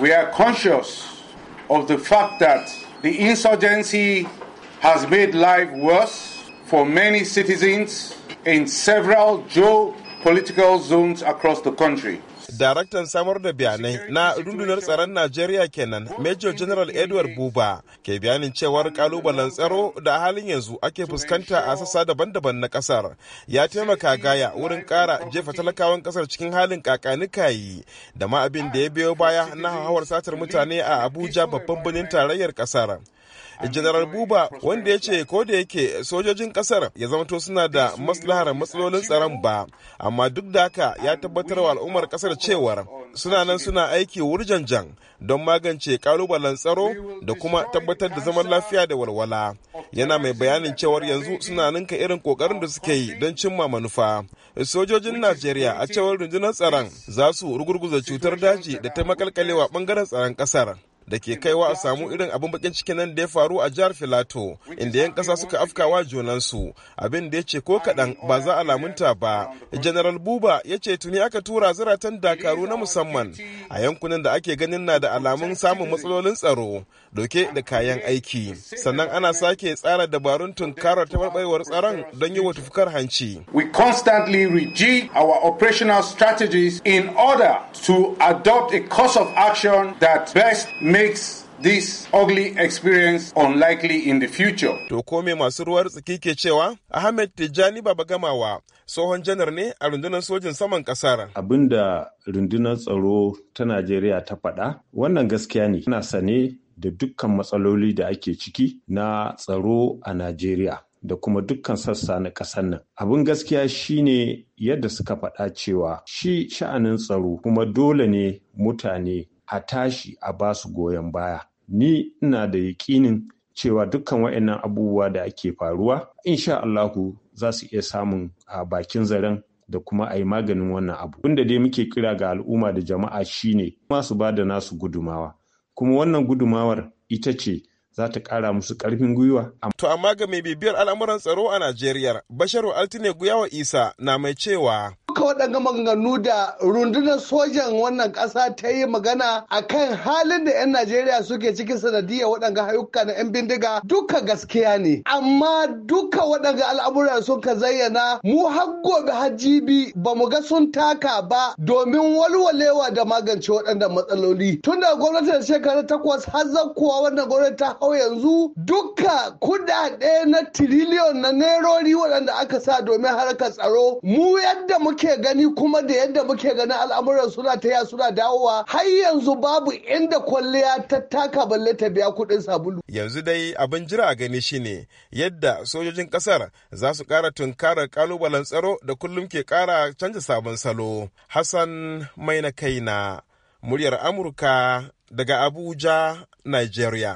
we are conscious of the fact that the insurgency has made life worse for many citizens in several Joe. political zones across the country. Daraktan samar da bayanai na rundunar tsaron Najeriya kenan, Major General Edward Buba ke bayanin cewar kalubalen tsaro da halin yanzu ake fuskanta a sassa daban-daban na kasar. Ya taimaka gaya wurin kara jefa talakawan kasar cikin halin kakanikayi da ma abin da ya biyo baya na hawar satar mutane a Abuja babban birnin tarayyar kasar. General Buba wanda ya ce ko da yake sojojin kasar ya zamanto suna da maslahar matsalolin tsaron ba, amma duk da haka ya tabbatar wa al'ummar kasar cewar suna nan suna aiki wurjanjan don magance kalubalen tsaro da kuma tabbatar da zaman lafiya da walwala. Yana mai bayanin cewar yanzu suna ninka irin kokarin da suke yi don cimma manufa. Sojojin Najeriya a cewar rundunar tsaron za su rugurguza cutar daji da ta makalkalewa bangaren tsaron kasar. da ke kaiwa a samu irin abin bakin ciki nan da ya faru a jihar filato inda yan kasa suka afkawa junansu abin da ya ce ko kaɗan ba za a lamunta ba general buba ya ce tuni aka tura zaratan dakaru na musamman a yankunan da ake ganin na da alamun samun matsalolin tsaro doke da kayan aiki sannan ana sake tsara dabarun tunkarar taɓarɓarewar tsaron don yi wa tufukar hanci we constantly rejig our operational strategies in order to adopt a course of action that best makes makes this ugly experience unlikely in the future. To kome masu ruwar tsaki ke cewa Ahmed Tijjani Baba Gamawa tsohon janar ne a rundunar sojin saman kasar. Abin da rundunar tsaro ta Najeriya ta faɗa wannan gaskiya ne. Ina sane da dukkan matsaloli da ake ciki na tsaro a Najeriya. da kuma dukkan sassa na ƙasar nan. Abin gaskiya shine yadda suka faɗa cewa shi sha'anin tsaro kuma dole ne mutane a tashi a ba su goyon baya ni ina da yakinin cewa dukkan waɗannan abubuwa da ake faruwa insha Allahu za su iya samun a bakin zaren da kuma a yi maganin wannan abu da dai muke kira ga al'umma da jama'a shine masu ba da nasu gudumawa kuma wannan gudumawar ita ce za ta ƙara musu ƙarfin gwiwa. To amma ga mai bibiyar al'amuran tsaro a Najeriya, Basharu Altine Guyawa Isa na mai cewa duka waɗanga maganganu da rundunar sojan wannan ƙasa ta yi magana a kan halin da 'yan Najeriya suke cikin sanadiyar waɗanga hayukka na 'yan bindiga duka gaskiya ne. Amma duka waɗanga al'amura sun ka zayyana mu har gobe hajjibi ba mu ga sun taka ba domin walwalewa da magance waɗanda matsaloli. Tun da da shekara takwas har zakkuwa wannan gwamnati ta hau yanzu duka kuɗaɗe na tiriliyon na nerori waɗanda aka sa domin harkar tsaro mu yadda muke muke gani kuma da yadda muke gani al'amuran suna ta ya suna dawowa har yanzu babu inda kwalliya ta taka balle ta biya kuɗin sabulu. Yanzu dai abin jira a gani shine yadda sojojin ƙasar za su ƙara tunkarar ƙalubalen tsaro da kullum ke ƙara canza sabon salo. Hassan Maina Kaina, muryar Amurka daga Abuja, Nigeria.